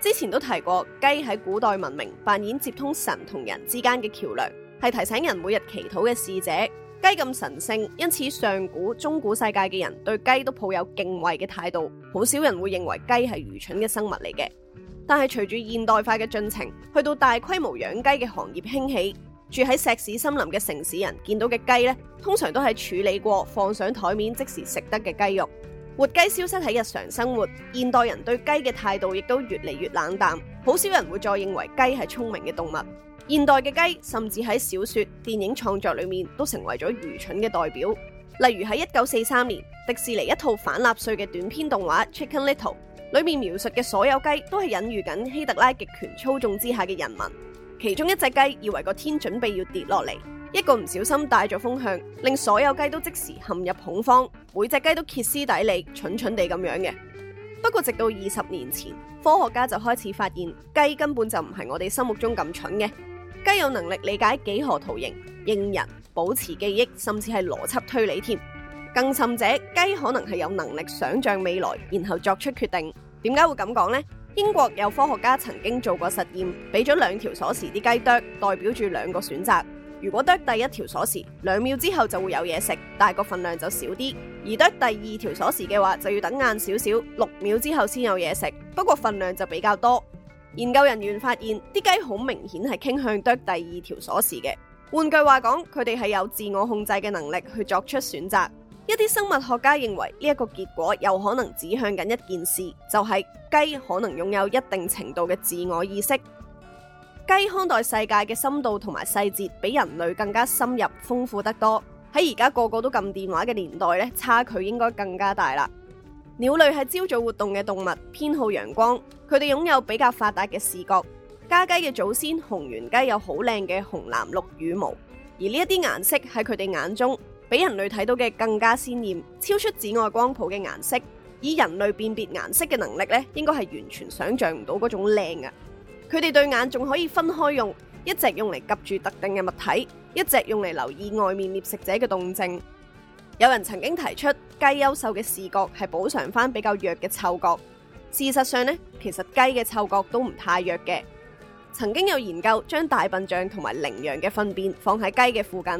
之前都提過，雞喺古代文明扮演接通神同人之間嘅橋樑，係提醒人每日祈禱嘅使者。雞咁神聖，因此上古、中古世界嘅人對雞都抱有敬畏嘅態度。好少人會認為雞係愚蠢嘅生物嚟嘅。但係隨住現代化嘅進程，去到大規模養雞嘅行業興起，住喺石屎森林嘅城市人見到嘅雞呢，通常都係處理過放上台面即時食得嘅雞肉。活雞消失喺日常生活，現代人對雞嘅態度亦都越嚟越冷淡，好少人會再認為雞係聰明嘅動物。現代嘅雞甚至喺小説、電影創作裏面都成為咗愚蠢嘅代表。例如喺一九四三年，迪士尼一套反納粹嘅短篇動畫《Chicken Little》裏面描述嘅所有雞都係隱喻緊希特拉極權操縱之下嘅人民，其中一隻雞以為個天準備要跌落嚟。一個唔小心帶咗風向，令所有雞都即時陷入恐慌，每隻雞都歇斯底里，蠢蠢地咁樣嘅。不過，直到二十年前，科學家就開始發現雞根本就唔係我哋心目中咁蠢嘅。雞有能力理解幾何圖形、認人、保持記憶，甚至係邏輯推理添。更甚者，雞可能係有能力想象未來，然後作出決定。點解會咁講呢？英國有科學家曾經做過實驗，俾咗兩條鎖匙啲雞啄，代表住兩個選擇。如果啄第一條鎖匙，兩秒之後就會有嘢食，但係個份量就少啲；而啄第二條鎖匙嘅話，就要等晏少少，六秒之後先有嘢食，不過份量就比較多。研究人員發現，啲雞好明顯係傾向啄第二條鎖匙嘅。換句話講，佢哋係有自我控制嘅能力去作出選擇。一啲生物學家認為呢一個結果有可能指向緊一件事，就係雞可能擁有一定程度嘅自我意識。雞看待世界嘅深度同埋細節，比人類更加深入豐富得多。喺而家個個都撳電話嘅年代咧，差距應該更加大啦。鳥類係朝早活動嘅動物，偏好陽光，佢哋擁有比較發達嘅視覺。家雞嘅祖先紅原雞有好靚嘅紅藍綠羽毛，而呢一啲顏色喺佢哋眼中，比人類睇到嘅更加鮮艷，超出紫外光譜嘅顏色。以人類辨別顏色嘅能力咧，應該係完全想象唔到嗰種靚嘅。佢哋對眼仲可以分開用，一隻用嚟及住特定嘅物體，一隻用嚟留意外面獵食者嘅動靜。有人曾經提出，雞優秀嘅視覺係補償翻比較弱嘅嗅覺。事實上呢，其實雞嘅嗅覺都唔太弱嘅。曾經有研究將大笨象同埋羚羊嘅糞便放喺雞嘅附近，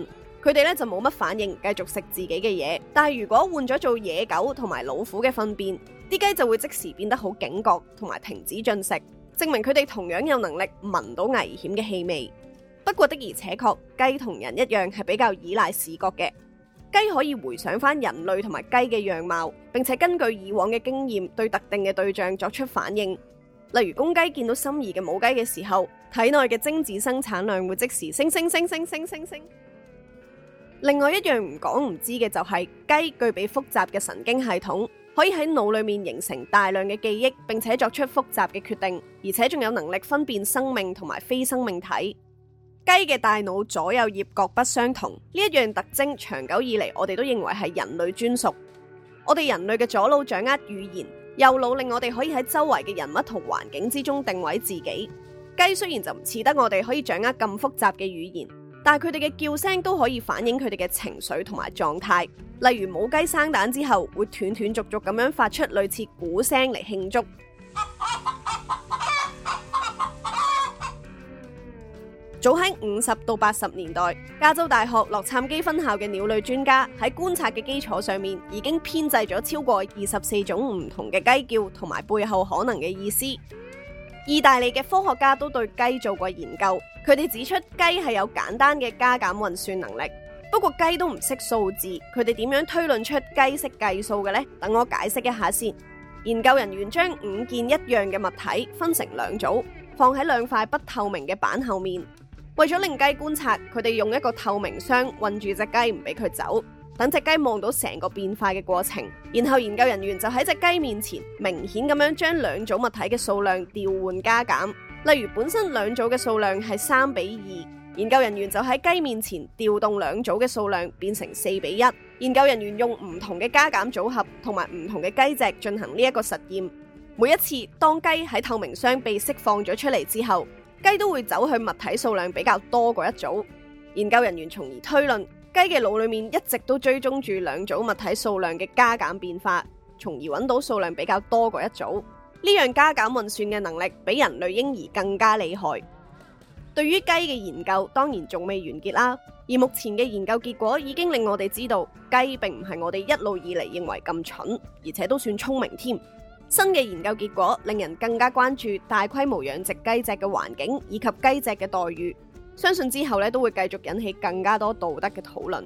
佢哋咧就冇乜反應，繼續食自己嘅嘢。但係如果換咗做野狗同埋老虎嘅糞便，啲雞就會即時變得好警覺，同埋停止進食。證明佢哋同樣有能力聞到危險嘅氣味。不過的而且確，雞同人一樣係比較依賴視覺嘅。雞可以回想返人類同埋雞嘅樣貌，並且根據以往嘅經驗對特定嘅對象作出反應。例如公雞見到心儀嘅母雞嘅時候，體內嘅精子生產量會即時升升升升升升升。另外一樣唔講唔知嘅就係、是、雞具備複雜嘅神經系統。可以喺腦裏面形成大量嘅記憶，並且作出複雜嘅決定，而且仲有能力分辨生命同埋非生命體。雞嘅大腦左右葉各不相同，呢一樣特徵長久以嚟我哋都認為係人類專屬。我哋人類嘅左腦掌握語言，右腦令我哋可以喺周圍嘅人物同環境之中定位自己。雞雖然就唔似得我哋可以掌握咁複雜嘅語言。但係佢哋嘅叫聲都可以反映佢哋嘅情緒同埋狀態，例如母雞生蛋之後會斷斷續續咁樣發出類似鼓聲嚟慶祝早在。早喺五十到八十年代，加州大學洛杉磯分校嘅鳥類專家喺觀察嘅基礎上面，已經編製咗超過二十四種唔同嘅雞叫同埋背後可能嘅意思。意大利嘅科學家都對雞做過研究，佢哋指出雞係有簡單嘅加減運算能力，不過雞都唔識數字，佢哋點樣推論出雞識計數嘅呢？等我解釋一下先。研究人員將五件一樣嘅物體分成兩組，放喺兩塊不透明嘅板後面，為咗令雞觀察，佢哋用一個透明箱困住隻雞，唔俾佢走。等隻雞望到成個變化嘅過程，然後研究人員就喺隻雞面前明顯咁樣將兩組物體嘅數量調換加減。例如本身兩組嘅數量係三比二，研究人員就喺雞面前調動兩組嘅數量變成四比一。研究人員用唔同嘅加減組合同埋唔同嘅雞隻進行呢一個實驗。每一次當雞喺透明箱被釋放咗出嚟之後，雞都會走去物體數量比較多嗰一組。研究人員從而推論。雞嘅腦裏面一直都追蹤住兩組物體數量嘅加減變化，從而揾到數量比較多過一組。呢樣加減運算嘅能力比人類嬰兒更加厲害。對於雞嘅研究當然仲未完結啦，而目前嘅研究結果已經令我哋知道雞並唔係我哋一路以嚟認為咁蠢，而且都算聰明添。新嘅研究結果令人更加關注大規模養殖雞隻嘅環境以及雞隻嘅待遇。相信之後呢都會繼續引起更加多道德嘅討論。